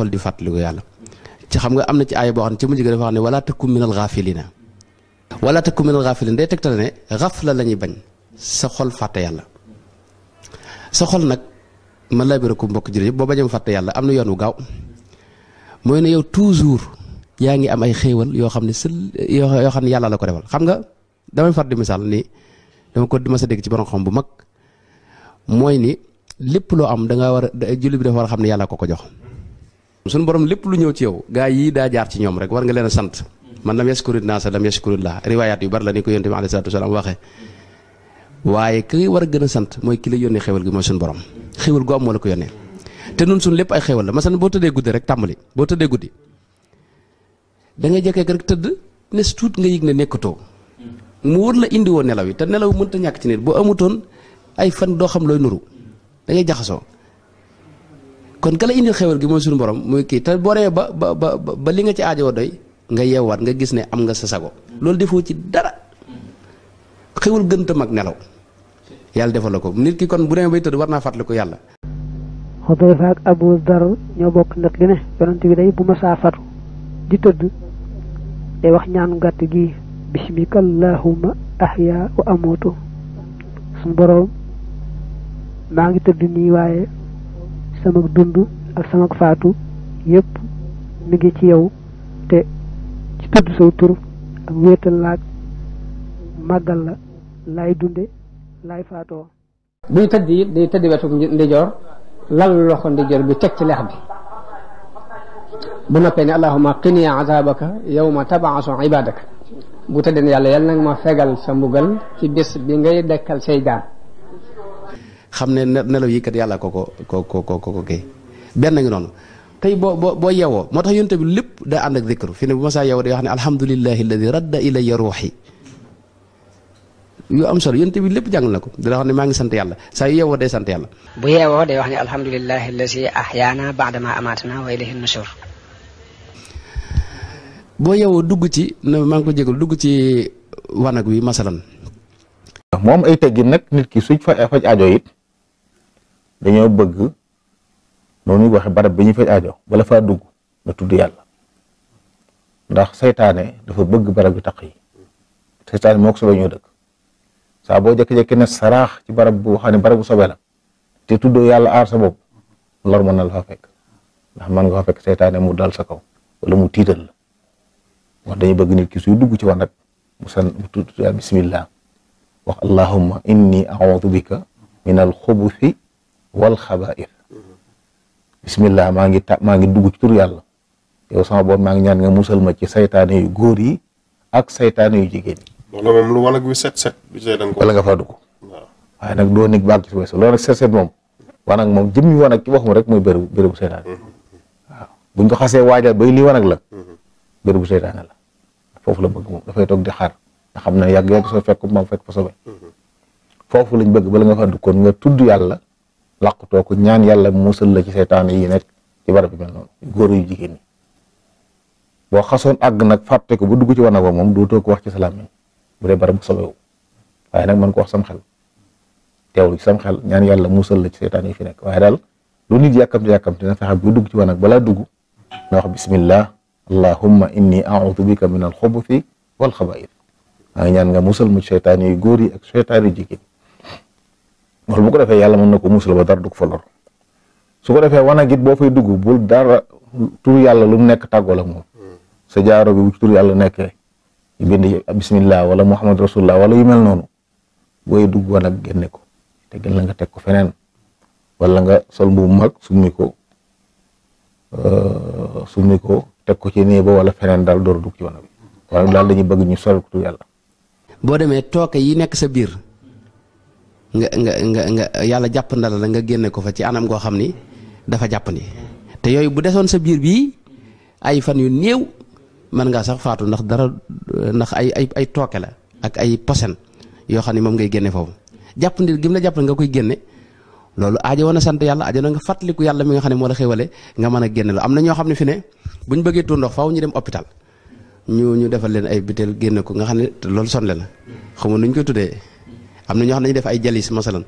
xol di fàttaliku yàlla ci xam nga am na ci aaya boo xam ne ci mujj wala takun minal gaafilina wala takun minal gaafilina day tegtal ne xafla la ñuy bañ sa xol fàtte yàlla sa xol nag man laa bira ko mbokk jërëjëf boo bañam fàtte am na yoon wu gaaw mooy ne yow yaa ngi am ay xéewal yoo xam ne sël yoo xam ne yàlla la ko defal xam nga damay far di misaal nii dama ko dima sa ci xam bu mag mooy ni lépp loo am da nga war a julli bi dafa war a xam ne yàlla ko ko jox suñ borom lépp lu ñëw ci yow gaa yii daa jaar ci ñoom rek war nga leen a sant man lam yashkurin naasa lam yashkurillah riwaayaat yu bari la ni ko yonent bi alayhi salaatu wasalaam waxee waaye ki war a gën a sant mooy ki la yónnee xewal gi mooy suñu borom xewal gu am moo la ko yónnee te nun suñu lépp ay xewal la masalan boo tëddee guddi rek tàmbali boo tëddee guddi da ngay jekkee rek tëdd nes tuut nga yëg ne nekkatoo mu wër la indi woo nelaw yi te nelaw mënta ñàkk ci boo amutoon ay fan doo xam looy nuru da jaxasoo kon kala indi xewal gi mooy suñu borom moy ki ta boré ba ba ba ba li nga ci aajoo doy nga yewat nga gis ne am nga sa sago loolu ci dara xewul gënta mag nelaw yalla. defal nit ki kon bu bay tëdd warna naa yalla yàlla ak abu dar ño bok nak li ne yonent bi day bu ma saa di tëdd day wax ñaanu gatt gi bismika ahya wa amutu sun borom ma ngi tëdd ni waye sama dund ak sama faatu yépp mi ci yow te ci tudd saw tur ak wéetal laag màggal la laay dunde laay faatoo buy tëdd it day tëdd wetu ndijoor lal loxo ndijoor bi teg ci lex bi bu noppee ne allahuma qiniya azabaka yawma tabaasu ibadaka bu tëddee ne yàlla yàlla nag ma fegal sa mbugal ci bés bi ngay dekkal say xam ne nelaw yi kat yàlla ko ko ko ko ko ko kii benn ngi noonu tey boo boo boo yeewoo moo tax yonte bi lépp daa ànd ak zikru fi ne bu ma saa yeewoo day wax ne alhamdulillahi alladi radda ilayya ruuxi yu am solo yonte bi lépp jàng na ko dina wax ne maa ngi sant yàlla saa yu yeewoo day sant yàlla bu yeewoo day wax ne alhamdulillahi alladi ahyaana baadama amaatana wa ilayhi nushur boo yeewoo dugg ci na maa ngi ko jégal dugg ci wanag wi masalan moom ay teggin nag nit ki suñ fa faj aajo it dañoo bëgg noonu ñu waxee barab bi ñu faj aajo bala faa dugg na tudd yàlla ndax seytaane dafa bëgg barab bi taq yi seytaane moo ko sobee ñoo dëkk saa boo jékki-jékki ne saraax ci barab bu xam ne barab bu sobe la te tuddoo yàlla aar sa bopp lor mën na la fa fekk ndax mën nga fa fekk seytaane mu dal sa kaw wala mu tiital la wax dañu bëgg nit ki suy dugg ci wan mu san mu tudd bismillah wax allahumma inni a'udhu bika min al-khubuthi wal xabaa'is bismillah maa ngi ta maa ngi dugg ci tur yàlla yow sama boon maa ngi ñaan nga musal ma ci seytaane yu góor yi ak saytaane yu jigéen yi. loolu moom lu wanag wi set set. wala nga faa nag doo nekk bàgg ci weesu loolu nag set set moom. wanag moom jëmmi wanag ci waxum rek mooy bérébu bérébu saytaane. Mm-hmm. waaw buñ ko xasee waajal bay lii wanag la. Mm-hmm. bérébu saytaane la foofu la bëgg moom dafay toog di xaar nga xam ne yàgg yàgg soo fekk moom fekk fa sobe. Mm-hmm. foofu lañ bëgg bala nga faa dugg kon nga tudd yàlla. làqutoo ko ñaan yàlla musal la ci seytaane yi nekk ci barab bi mel noonu góor yu jigéen boo xasoon àgg nag fàtte ko bu dugg ci wanag ba moom dootoo ko wax ci salaam bu dee barab bu sobewu waaye nag mën ko wax sam xel teewlu sam xel ñaan yàlla musal la ci seytaane yi fi nekk waaye daal lu nit yàkkamti yàkkamti na fexe bu dugg ci wanag balaa dugg na wax bismillah allahumma inni a'udhu bika min al fi wal xabaith maa ngi ñaan nga musal mu ci seytaane góor yi ak seytaane jigéen loolu bu ko defee yàlla mën na ko musal ba dara du ko fa su ko defee wanag it boo fay dugg bul dara tur yàlla lu mu nekk tàggoo la moom sa jaaro bi bu ci tur yàlla nekkee bind bismillah wala muhammad rasulullah wala yu mel noonu booy dugg wanag génne ko te gën la nga teg ko feneen walla nga sol mbubu mag summi ko euh, summi ko teg ko ci néeba wala feneen daal door dugg ci wanag bi waaye daal dañuy bëgg ñu sol ko tur yàlla. boo demee tooke yi nekk sa biir. nga nga nga nga yàlla jàpp ndala la nga génne ko fa ci anam goo xam ni dafa jàpp ni te yooyu bu desoon sa biir bii ay fan yu néew mën ngaa sax faatu ndax dara ndax ay ay ay tooke la ak ay posen yoo xam ne moom ngay génne foofu jàpp ndi gim la jàpp nga koy génne loolu aajo woon a sant yàlla aajo na nga fàttaliku yàlla mi nga xam ne moo la xéwale nga mën a génne lu am na ñoo xam ne fi ne bu ñu bëggee tuur ndox faaw ñu dem hôpital ñu ñu defal leen ay butéel génne ko nga xam ne loolu sonle la xam nga nu koy tuddee am na ñoo xam ne dañuy def ay jalis masalan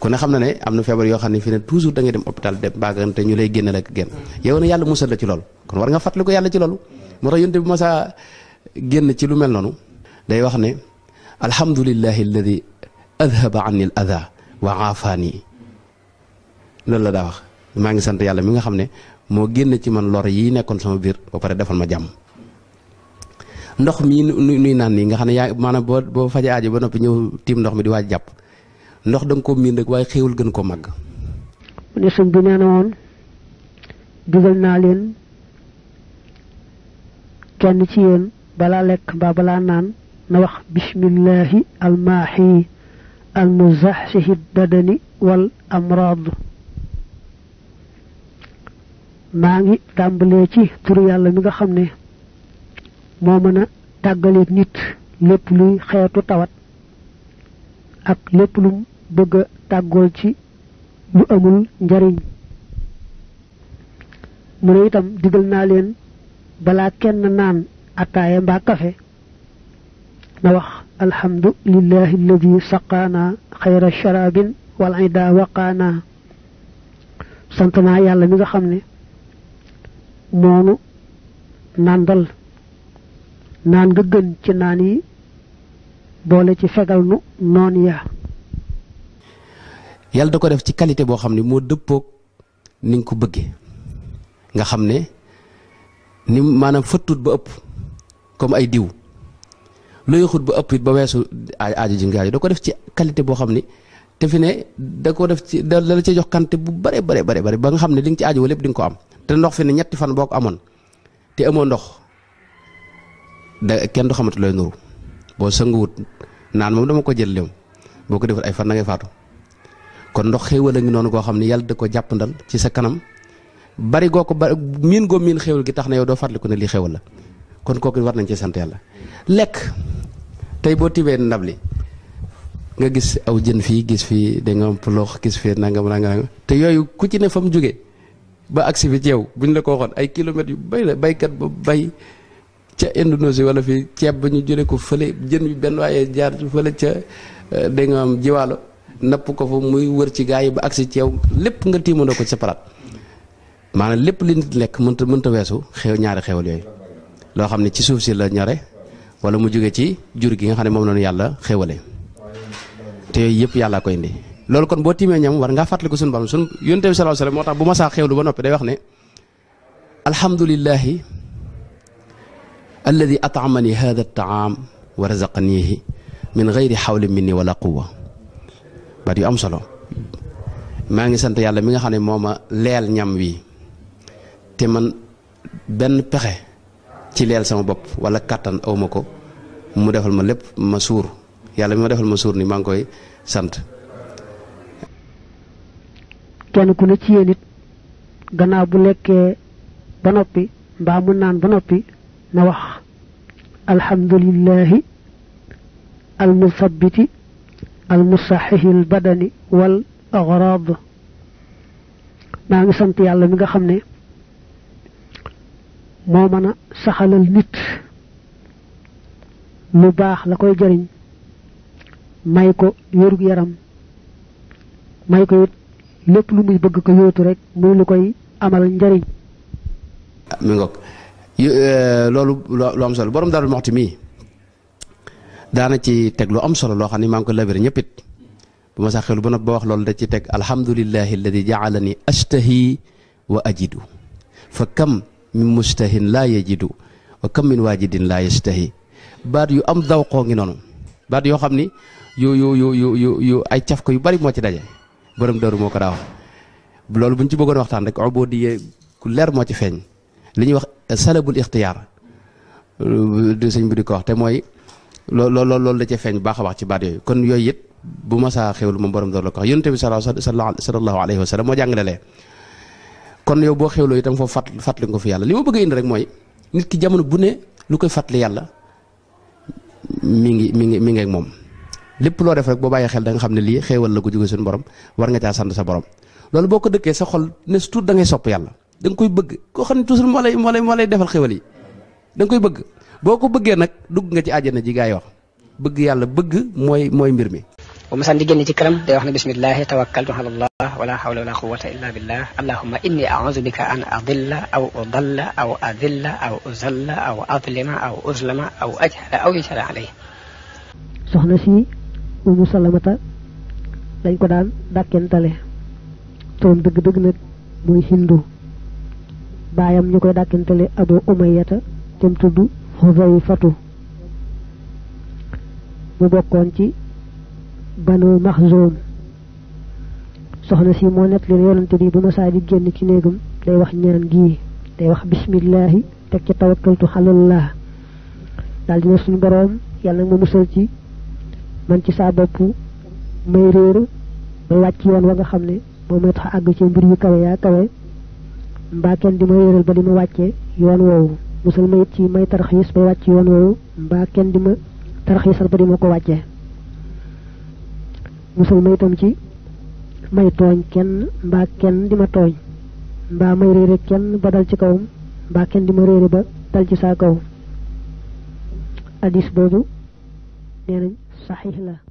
kon ne xam na ne am na feebar yoo xam ne fii ne toujours da ngay dem hôpital dem mbaagante ñu lay génne ak génn yow na yàlla musal la ci loolu kon war nga fàttali ko yàlla ci loolu moo tax yonte bi masa génn ci lu mel noonu day wax ne alhamdulillahi alladi adhaba anni al adha wa aafaani loolu la daa wax maa ngi sant yàlla mi nga xam ne moo génn ci man lor yi nekkoon sama biir ba pare defal ma jàmm ndox mii nuy naan nii nga xam ne yaa maanaam boo boo faje aajo ba noppi ñëw tiim ndox mi di waaj jàpp ndox da ko miin rek waaye xéewul gën ko màgg mu ne sëñ bi nee woon digal naa leen kenn ci yéen balaa lekk mbaa balaa naan na wax bismillahi almaahi almuzaxsihi dadani wal amraad maa ngi tàmbalee ci turu yàlla mi nga xam ne moo mën a nit lépp luy xeetu tawat ak lépp lu bëgg tàggool ci lu amul njariñ mu itam digal naa leen balaa kenn naan ataaya mbaa kafe na wax alhamdulillahi alladi saqaana xayra sharabin wal ida waqaana sant naa yàlla mi nga xam ne moonu nàndal naan nga gën ci naan yi boole ci fegal nu noon ya yàlla da ko def ci qualité boo xam ne moo dëppook ni nga ko bëggee nga xam ne ni maanaam fëttut ba ëpp comme ay diw loyoxut ba ëpp it ba weesu aajo ji nga da ko def ci qualité boo xam ne te fi ne da ko def ci da la ci jox kante bu bare bare bare bare ba nga xam ne li ci aajo lépp di nga ko am te ndox fi ne ñetti fan boo ko amoon te amoo ndox da kenn du xamante looy nuru boo sanguwut naan moom dama ko jël léem boo ko defal ay fan na faatu kon ndox xéewal a noonu koo xam ne yàlla da ko jàppandal ci sa kanam bari goo ko ba miin goo miin xéewal gi tax na yow doo fàttaliku ne lii xéewal kon kooku war nañ ci sant lekk tey boo tibee ndab li nga gis aw jën fii gis fii da nga puloox gis fii nangam te yooyu ku ci ne fa mu jóge ba agsi bi ci buñ la ko waxoon ay kilomètres yu bay la baykat ba bay ca Indonésie wala fii ceeb ba ñu jëlee ko fële jën bi benn waaye jaar fële ca euh, da jiwaalo napp ko fa muy wër ci gaa yi ba agsi ceew lépp nga tiimandoo ko ci sa palaat maanaam lépp li nit lekk mënta mënta weesu xew ñaari xewal yooyu loo xam ne ci suuf si la ñore wala mu jóge ci jur gi nga xam ne moom lañu yàlla xewale te yooyu yëpp yàlla koy ndi loolu kon boo tiimee ñam war ngaa fàttaliku suñu borom suñu yonent bi sallallahu alayhi wasallam moo tax bu sa saa xewlu ba noppi day wax ne alhamdulillahi alladi atamani hada taam wa razaqanihi min gayri xawli minni wala quwa baat yu am solo maa ngi sant yàlla mi nga xam ne moo ma leel ñam wi te man benn pexe ci leel sama bopp wala kàttan awma ko mu defal ma lépp ma suur yàlla mi ma defal ma suur ni maa ngi koy sant kenn ku ne ci yéen it gannaaw bu lekkee ba noppi mbaa mu naan ba noppi na wax alhamdulillahi almusabbiti almusaxihi albadani wal agrad maa ngi sant yàlla mi nga xam ne moo mën a saxalal nit lu baax la koy jariñ may ko yërug yaram may ko it lu muy bëgg ko yóotu rek muy lu koy amal njariñ mi Eh, loolu lu am solo borom Daaru Muxti mii daana ci teg lu am solo loo xam ne maa ngi ko labir ñëppit bu ma saxelu ba ba wax loolu da ci teg alhamdulillahi alladi jaalani ashtahi wa ajidu fa kam min mustahin laa yajidu wa kam min waajidin laa yastahi baat yu am dawqoo ngi noonu baat yoo xam ni yu yu yu yu yu yu ay caf ko yu bari moo ci daje borom daru moo ko daa wax loolu buñ ci bëggoon waxtaan rek obodiye ku leer moo ci feeñ li ñuy wax salabul ixtiyaar di sëñ bi di ko wax te mooy lool loolu la ca feeñ baax a wax ci baat yooyu kon yooyu it bu ma saa xewlu moom borom dara la ko wax yonent bi sallallahu alayhi wa sallam moo jàngalelee kon yow boo xewloo itam foofu fat fàttali nga fi yàlla li ma bëgg a mooy nit ki jamono bu ne lu koy fàttali yàlla mi ngi mi ngi mi ngi moom lépp loo def rek bàyyi xel da xam ne lii xéewal la ko jóge suñu borom war nga caa sant sa borom loolu boo ko dëkkee sa xol ne surtout da ngay sopp yàlla danga nga koy bëgg koo xam ne toujours moo lay moo lay defal xéwal yi da nga koy bëgg boo ko bëggee nag dugg nga ci àjjana ji gaa bëgg yàlla bëgg mooy mooy mbir mi bu masaan di génn ci këram day wax ne bismillahi tawakkaltu ala allah wala hawla wala quwwata illa billah allahumma inni a'udhu bika an adilla aw udalla aw adilla aw uzalla aw adlima aw uzlama aw ajhala aw yujhala alayhi soxna a umu a dañ ko daan dàkkentale toom dëgg-dëgg nag mooy hindu baayam ñu koy dàkkintale abu umayata tem tudd xuzayfatu mu bokkoon ci banu maxzoom soxna si moo nett leen yonante bi bu masaa di génn ci néegam day wax ñaan gii day wax bismillaahi teg ci tawakkaltu xalallah daal dina suñu boroom yàlla nag ma musal ci man ci saa bopp may réer ba wàcc yoon wa nga xam ne moom may tax àgg ci mbir yu kawe yaa kawe mbaa kenn di ma réeral ba di ma wàccee yoon woowu musal ma it ci may tarxiis ba wàcc yoon woowu mbaa kenn di ma tarxiisal ba di ma ko wàccee musal ma itam ci may tooñ kenn mbaa kenn di ma tooñ mbaa may réere kenn ba dal ci kawam mbaa kenn di ma réere ba dal ci saa kaw addis boobu nee nañ la